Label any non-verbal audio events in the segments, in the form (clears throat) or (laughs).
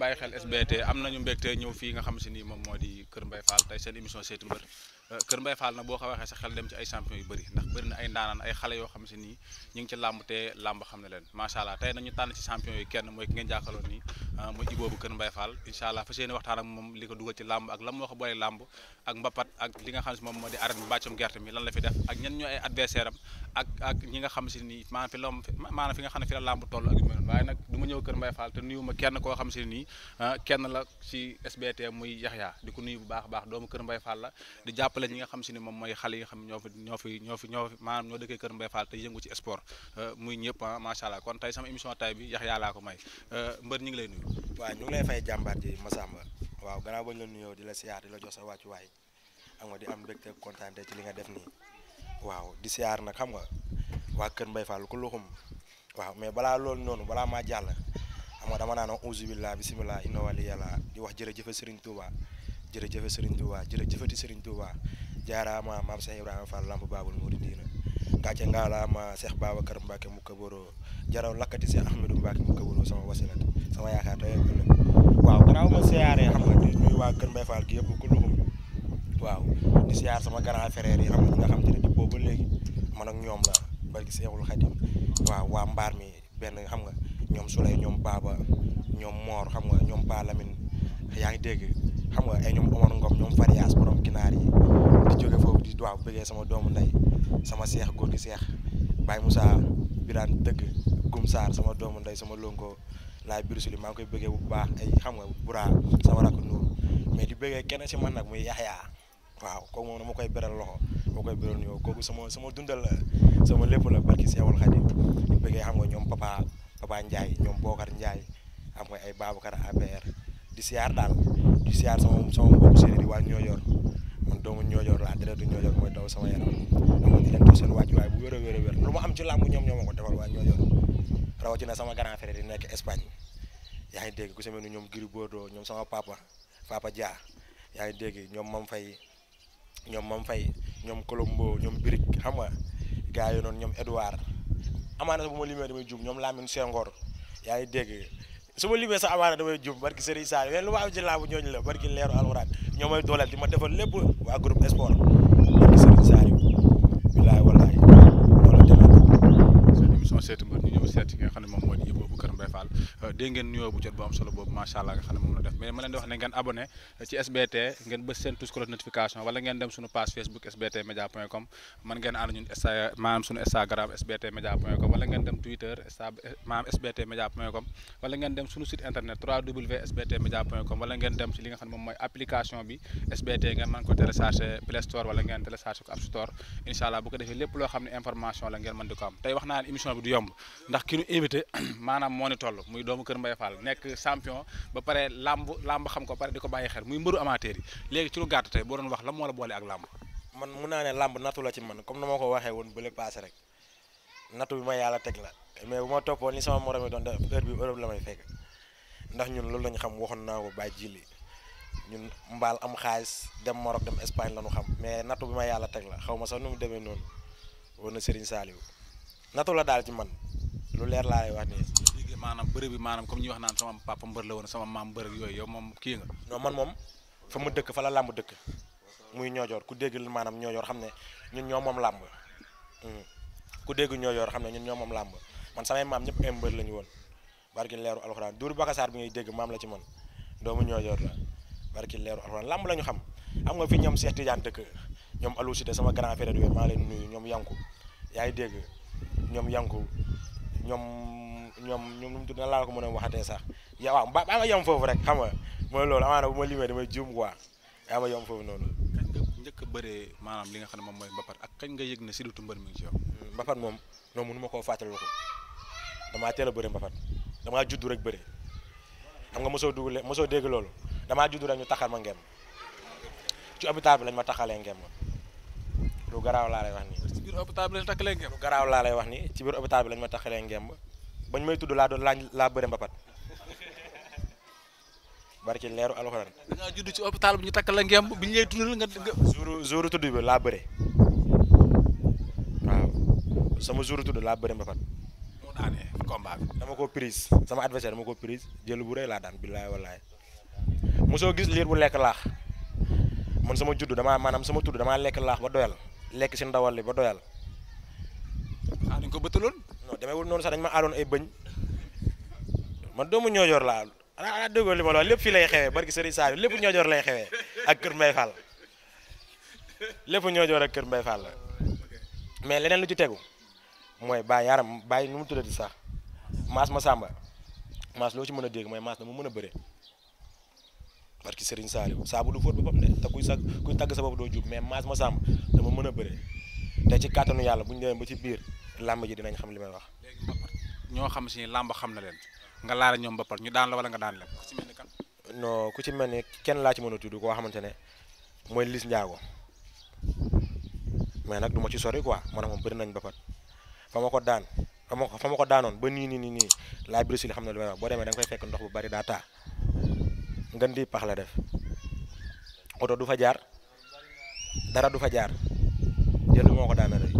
bàyyi xel SBT am na ñu mbégte ñëw fii nga xam si ni moom moo di Kër mbay Fall tey seen émission seeti mbër Euh, Kër Mbaye Fall nag boo ko waxee sa xel dem ci ay champion yu bëri ndax bëri na ay ndaanaan ay xale yoo xam si nii ñu ci làmb te làmb xam ne leen macha allah tey nañu tànn ci champion yi kenn mooy ki ngeen jàkkaarloo nii euh, la fi def ak ñen ñoo ay adversaire am ak ak ñi nga xam si nii maanaam fi la maanaam làmb ak yu ma ñëw Kër Mbaye Fall te nuyu ma kenn koo xam si nii euh, kenn la ci SBT muy Yaxya di ko nuyu bu baax la di jàpp jàppale ñi nga xam si ne moom mooy xale yi nga xam ñoo fi ñoo fi ñoo fi ñoo fi maanaam ñoo dëkkee Kër Mbaye Fall te yëngu ci sport euh, muy ñëpp ah macha allah kon tey sama émission tay bi yax yàllaa ko may euh, mbër ñu ngi lay nuyu waaw ñu ngi lay fay jàmbaar ji Massamba waaw gannaaw bañ la nuyoo di la siyaar di la jox sa wàccuwaay xam nga di am mbégte kontaan ci li nga def nii waaw di siyaar nag xam nga waa Kër Mbaye Fall ku luxum waaw mais balaa loolu noonu balaa maa jàll xam nga dama naan auzu billah bismillah inna wali yàlla di wax jërëjëf Serigne Touba jërëjëf Serigne Touba jërëjëfati Serigne Touba jaaraama maam Cheikh Ibrahima Fall lamb baabul muridiina gàcce ngaalaama Cheikh Babacar Mbacke mu kaboro jaraw lakkati Cheikh Ahmadou Mbacke mu kaboro sama wasilat sama yaakaar day ëllëg waaw gannaaw ma siyaaree xam nga di nuyu waa Kër Mbaye Fall gi yëpp ku luxum waaw di siyaar sama grand frère yi xam nga xam te ne boobu léegi man ak ñoom la barki Seexul Xadim waaw waa mbaar mi benn xam nga ñoom Souley ñoom Baba ñoom Mor yaa ngi dégg xam nga ay ñoom Omar Ngom ñoom variage borom ginaar yi di jóge foofu di bu bëggee sama doomu ndey sama seex góor di seex Baye Moussa bi daan dëgg Gum Saar sama doomu ndey sama lonko laay birisuli maa ngi koy bëggee bu baax ay xam nga bura sama rakk nuur mais di bëggee kenn si man nag muy yaxyaa waaw kooku moom dama koy beral loxo moo koy beral nuyoo sama sama dundal la sama lépp la barki Seexul Xadim bëggee xam nga ñoom papa papa Ndiaye ñoom Bokar Ndiaye xam nga ay Babacar APR di siyaar daal di siyaar sama sama mbokku séeréer yi waa Ñoojoor man doomu Ñoojoor laa dara du Ñoojoor mooy daw sama yaram dama di leen jox seen wàccuwaay bu wér a wér a wér lu ma am ci làmb ñoom ñoo ma ko defal waa Ñoojoor rawatina sama grand frère yi nekk Espagne yaa ngi dégg ku si mel ni ñoom Gris Bordeaux ñoom sama papa papa Dia yaa ngi dégg ñoom Mam Faye ñoom Mam Faye ñoom Colombo ñoom Birik xam nga gars yi noonu ñoom Edouard amaana bu ma limee damay jub ñoom Lamine Senghor yaa ngi dégg su ma limee sa amaana damay jum barki Serigne Sall yéen lu ma am ci la barki leeru alxuraan ñoo may dooleel di ma defal lépp waa groupe sport Euh, dégg ngeen nuyoo bu jot bu am solo boobu macha allah nga xam ne moom la def mais ma leen di wax ne ngeen abonné euh, ci SBT ngeen bës seen touche cloche notification wala ngeen dem suñu page Facebook SBT Media point com man ngeen ànd ñun Insta maanaam suñu Instagram SBT Media point com wala ngeen dem Twitter Insta maanaam SBT Media point com wala ngeen dem suñu site internet www.sbtmedia.com wala SBT ngeen mën ko télécharger ngeen télécharger ko App Store incha (clears throat) doomu kër Mbaye Fall nekk champion ba pare làmb làmb xam ko pare di ko bàyyi xel muy mbëru amateur yi léegi ci lu gàtt tey boo doon wax la moo la boole ak làmb man mun naa ne làmb nattu la ci man comme na ma ko waxee woon bële paase rek nattu bi ma yàlla teg la mais bu ma toppoon ni sama morom yi doon ndax ñun loolu lañu xam waxoon naa ko bàyyi jili ñun mbaal am xaalis dem Maroc dem Espagne la ñu xam mais nattu bi ma yàlla teg la xaw ma sax nu mu demee noonu woon na Serigne Saliou nattu la daal ci man lu leer laa lay wax nii maanaam bërëb bi maanaam comme ñuy wax naan sama papa mbër la woon sama maam mbër ak yooyu moom kii nga non man moom fa ma dëkk fa la làmb dëkk muy ñoojoor ku dégg maanaam ñoojoor xam ne ñun ñoo moom làmb hmm. ku dégg ñoojoor xam ne ñun ñoo moom làmb man samay maam ñëpp ay mbër la ñu woon barki leeru alxuraan duuru bakasaar bi ngay dégg maam la ci man doomu ñoojoor la barki leeru alxuraan làmb la ñu xam am nga fi ñoom seeti Tidiane dëkk ñoom Alou Cité sama grand frère yooyu maa leen nuyu ñoom yanku yaa ngi dégg ñoom yanku ñoom ñoom ñoom ñum na laa ko mën a waxatee sax ya waaw ba nga yem foofu rek xam nga mooy loolu amaana bu ma limee damay juum quoi noonu njëkk a maanaam li nga xam ne moom mooy mbapat ak kañ nga yëg ne si dutu mbër mi ngi ci hmm, moom mënu ma koo fàttaliku ko damaa teel a bëri mbapat damaa juddu rek bëri xam nga mosoo dugg mosoo dégg loolu damaa juddu rek ñu taxal ma ngeen ci hôpital bi lañ ma ngeen ma lu garaaw laa lay wax nii. ci biir hôpital bi lañ takkalee ngemb. lu garaaw laa lay ngemb bañ may tudd laa laa bëre mbapat (laughs) barki leeru alxuraan. da ngaa ci hôpital bi ñu takk la ngemb bi ñu lay tuddal nga. jour jour tudd bi laa bëre waaw sama jour tudd laa bëre mbapat. dama ko prise sama adversaire dama ko prise jël bu rëy laa daan billaay wallaay mosoo gis liir bu lekk laax man sama judd damaa maanaam sama tudd damaa lekk laax ba doyal. lekk si ndawal li ba doyal. ah dañ ko bëttaloon. non demeewul noonu sax dañ ma aaloon ay bëñ man doomu ñoojoor laa ah déggoo li ma la lépp fii lay xewee barki sëriñ Sadio lépp ñoojoor lay xewee ak Kër Mbaye Fall lépp ñoojoor ak Kër Mbaye Fall la mais leneen lu ci tegu mooy bàyyi yaram bàyyi nu mu tuddati sax maas ma sàmba maas loo ci mën a dégg mooy maas na mu mën a bëre barki sëriñ Sadio saabu du fóot boppam de te kuy sa kuy tagg sa bopp doo jub mais maas ma sàmba dama mën a bëre te ci kàttanu yàlla bu ñu ci biir làmb ji dinañ xam li may wax. léegi ñoo xam si làmb xam na leen nga laara ñoom mbapat ñu daan la wala nga daan la ku ci ku ci mel ni kenn laa ci mën a xamante ne mooy Liss Ndiago mais nag du ma ci sori quoi man moom bëri nañ mbapat fa ma ko daan fa ma ko fa ma ko daanoon ba nii nii nii nii laa brisé li xam ne li may wax boo demee da nga fay fekk ndox bu bari daa taa ngën di pax la def oto du fa jaar dara du fa jaar. jël moo ko daana rey.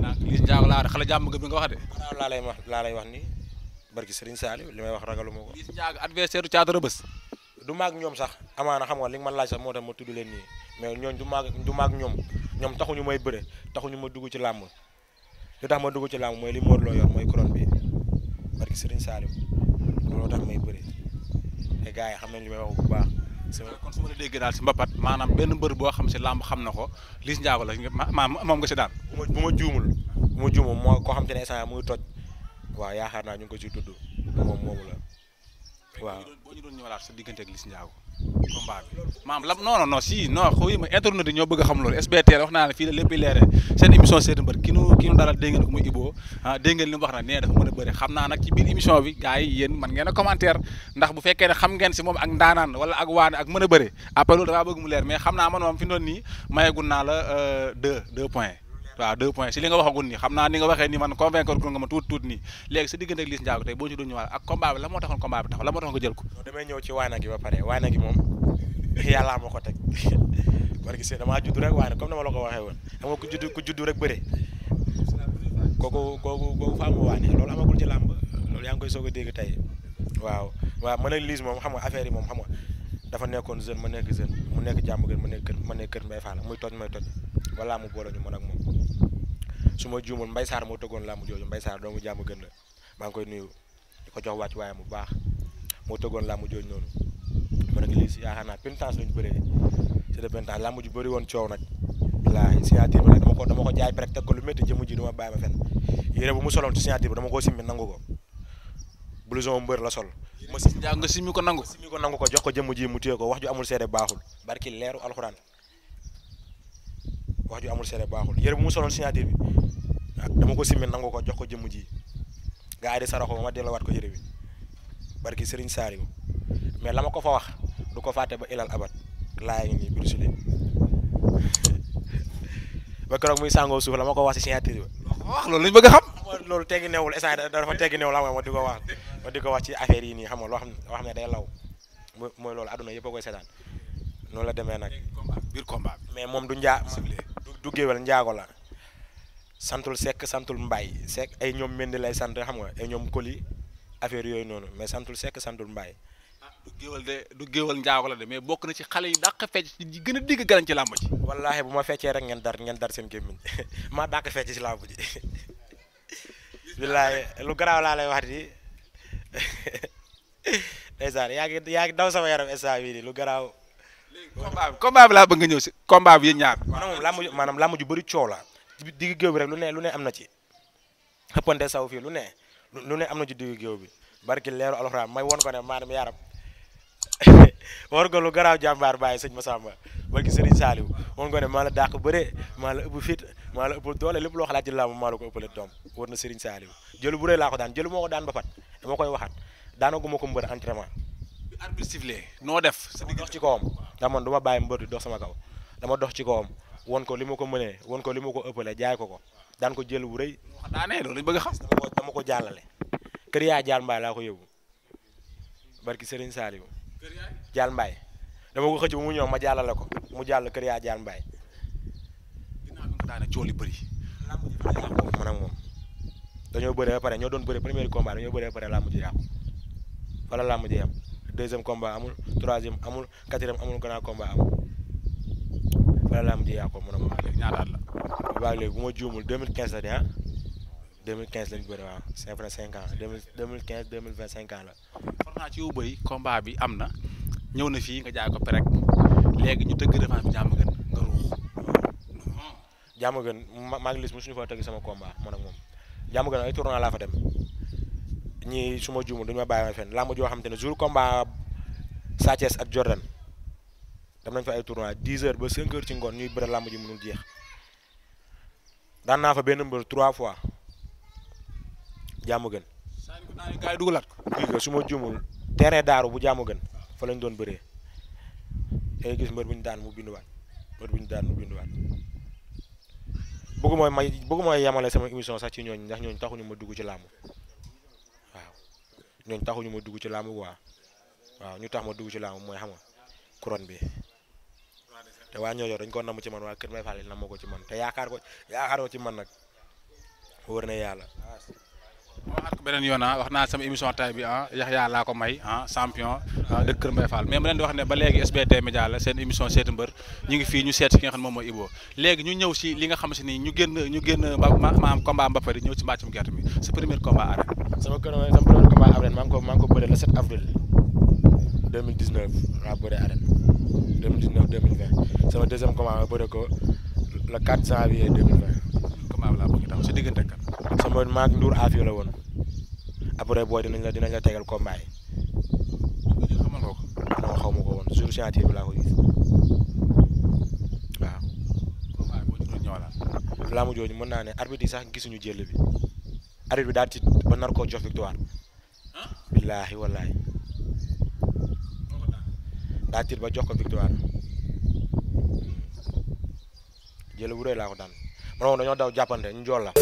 naan Liss Ndiago laa xale jàmm gëm wax de. waaw laa lay wax lay wax ni barki Serigne Saliou li may wax ragalu ma ko. Liss Ndiago adversaire du Caatu Rebeuss. du mag ñoom sax amaana xam nga li ma laaj sax moo tax ma tudd leen nii mais ñooñ du maag du maag ñoom ñoom taxuñu may bëre ñu ma dugg ci làmb li tax ma dugg ci làmb mooy li Modou Lo yor mooy couronne bi barki Serigne Saliou looloo tax may bëre te gars yi xam nañ li may wax bu baax. kon su ma la déggee daal si mbapat maanaam benn mbër boo xam si làmb xam na ko Liss Ndiago la ma moom nga si daan bu ma juumul bu ma juumul moo koo xam te ne instant muy toj waaw yaakaar naa ñu ngi ko si tudd moom moomu la waaw boo ñu doon ñëwalaat sa diggante ak Liss Ndiago combat bi maam lam non non si non xëy ma internet ñoo bëgg a xam loolu SBT la wax naa ne fii la lépp leeree seen émission seeti mbër ki nu ki nu dalal ko muy Ibo ah li mu wax nag nee dafa mën a bëri xam naa nag ci biir émission bi gars yi yéen man ngeen a commentaire ndax bu fekkee ne xam ngeen si moom ak ndaanaan wala ak waane ak mën a bëri après loolu dafaa bëgg mu leer mais xam naa man moom fi mu doon nii mayegun naa la euh, deux deux points waaw deux points si li nga waxagul nii xam naa ni nga waxee ni man convaincre ko nga ma tuut tuut nii léegi sa diggante ak Liss Ndiago tey boo ci doon ak combat bi la moo taxoon combat bi taxaw la moo taxoon nga jël ko damay ñëw ci waana gi ba pare waana gi moom (laughs) yàllaa ma ko teg parce (laughs) waane comme dama la ku judd rek bëre kooku kooku kooku waane loolu amagul ci làmb loolu yaa ngi koy soog a dégg tey waaw waaw man ak Liss moom xam affaire yi moom xam dafa nekkoon jeune ma nekk su ma juumul Mbaye saar moo tëggoon làmb jooju Mbaye Sarr doomu jàmm gën na maa ngi koy nuyu di ko jox wàcc waaye mu baax moo tëggoon làmb jooju noonu ma nag lii si yaakaar naa pénitence ñu bëree c'est de pénitence làmb ju bëri woon coow nag wallaahi signature bi nag dama ko dama ko jaay rek teg ko lu métti jëmu ji du ma bàyyi ma fen yére bu mu soloon ci signature bi dama koo simmi nangu ko blouson mbër la sol ma si jaa nga simmi ko nangu simmi ko nangu ko jox ko jëmu ji mu téye ko wax ju amul seede baaxul ki leeru alxuraan wax ju amul seede baaxul yére mu soloon signature bi dama ko simmi nangu ko jox ko jëmm ji gaa yi di saraxo ba ma delluwaat ko yëre bi barki Serigne Saliou mais la ma ko fa wax du ko fàtte ba ilal abat laa ngi nii Bruce Lee ba keroog muy sàngoo suuf la ko wax si signature ba wax a loolu teggi newul da dafa teggi newul xam nga ma di ko wax ci affaire yi nii xam nga loo xam ne day law mooy loolu àdduna yëpp a koy seetaan noonu la demee nag biir combat mais moom du njaa du géwél njaago la santul sekk santul mbaay Seck ay ñoom Mendy lay sant xam nga ay ñoom Koli affaire yooyu noonu mais santul sekk santul mbaay ah du géwal de du géwal njaago la de mais bokk na ci xale yi dàq fecc ci gën a digg garañ ci làmb ji. wallaahi bu ma feccee rek ngeen dar ngeen dar seen gémmiñ (laughs) maa dàq fecc ci làmb ji. (laughs) billaahi lu garaaw laa lay wax di (laughs) ndeysaan yaa ngi yaa ngi daw sama yaram instant bii nii lu garaaw. combat laa bëgg nga ñëw si combat bi yéen ñaar. maanaam làmb ju maanaam ju bëri coow la. digg géew bi rek lu ne lu ne am na ci xëppante saw fii lu ne lu ne am na ci digg géew bi barki leeru alxuraan may won ko ne maanaam yaaram war nga lu garaaw jàmbaar bàyyi sëñ Massamba barki sëriñ Saaliw won ko ne maa la dàq bëre maa la ëpp fit maa la ëpp doole lépp loo xalaat ci làmb maa la ko ëppale doom war na jëlu laa ko daan jëlu moo ko daan ba fat dama koy waxaat daanaka ma ko mbër entraînement arbitre sifflé noo def sa dox ci kawam ndax man duma bàyyi mbër di dox sama kaw dama dox ci kawam won ko li ma ko mënee won ko li ma ko ëppalee jaay ko ko daan ko jël wu rëy. daanee bëgg xam. dama ko dama ko jàllale. kër yaay Dial Mbaye laa ko yóbbu sëriñ Serigne Saliou Dial Mbaye dama ko xëcc bu mu ñëw ma jàllale ko mu jàll kër yaay Dial Mbaye. dinaa ko daanaka coono yu bëri. man moom dañoo bëri ba pare ñoo doon bëri premier combat dañoo bëri ba pare làmb ji yàqu wala làmb ji yàqu deuxième combat amul troisième amul quatrième amul amul. bala laa am yaa ko mën a wax léegi ñaata at la. waaw léegi bu ma lañ ah. bëri waaw c'est vrai 5 ans 2015 2025 la. xool naa ci bi am na ñëw na fii nga jaay ñu tëgg revanche bi jàmm gën nga ruux. fa tëgg sama combat man moom jàmm gën ay tournoi laa fa dem ñii su ma juumul dañu ma bàyyi ma fenn làmb joo xam te ne jour komba Sathiès ak Jordan. dem nañ fa ay tournoi 10 heures ba 5 ci ngoon ñuy bëre làmb ji mënul jeex daan naa fa benn mbër trois fois jàmm gën. gars yi dugalaat ko. kii su ma juumul terrain daaru bu jàmm gën fa lañ doon bëree da ngay gis mbër bu ñu daan mu binduwaat mbër bu ñu daan mu binduwaat bëggu mooy may bëggu mooy sama émission sax ci ñooñ ndax ñooñ taxuñu ma dugg ci làmb waaw ñooñ taxuñu ma dugg ci làmb quoi waaw ñu tax ma dugg ci làmb mooy xam nga couronne bi. te waa ñooñoo dañ ko namu ci man waa Kër Mbaye Fall namu ko ci man te yaakaar ko ci man nag wóor na yàlla. waxaat ko beneen yoon ah wax naa sama émission tay bi ah Yaxya laa ko may ah champion ah, de Kër Mbaye Fall mais ma leen di wax ne ba léegi SBT Média la seen émission seeti mbër ñu ngi fii ñu seet si ki nga xam ne moom mooy Ibo léegi ñu ñëw si li nga xam si ni ñu génn ñu génn maanaam combat Mbappé di ñëw si mbàccum gerte mi sa premier combat arène. sama kër sama premier combat 2019 2020 sama deuxième combat ma bëre ko le 4 janvier 2020. combat bi laa bëgg taxaw sa diggante kan. sama maag Ndour Afio la woon après booy dinañ la dinañ la tegal combat yi. xamal nga xaw ma ko woon jour chantier bi laa ko gis waaw. combat boo jooju mën naa ne arbitre yi sax gisuñu jël bi arbitre bi daal ci ba nar koo jox victoire. billaahi wallaahi. daa ba jox ko victoire jël bu rëy laa ko daan man moom dañoo daw jàppante ñu jool la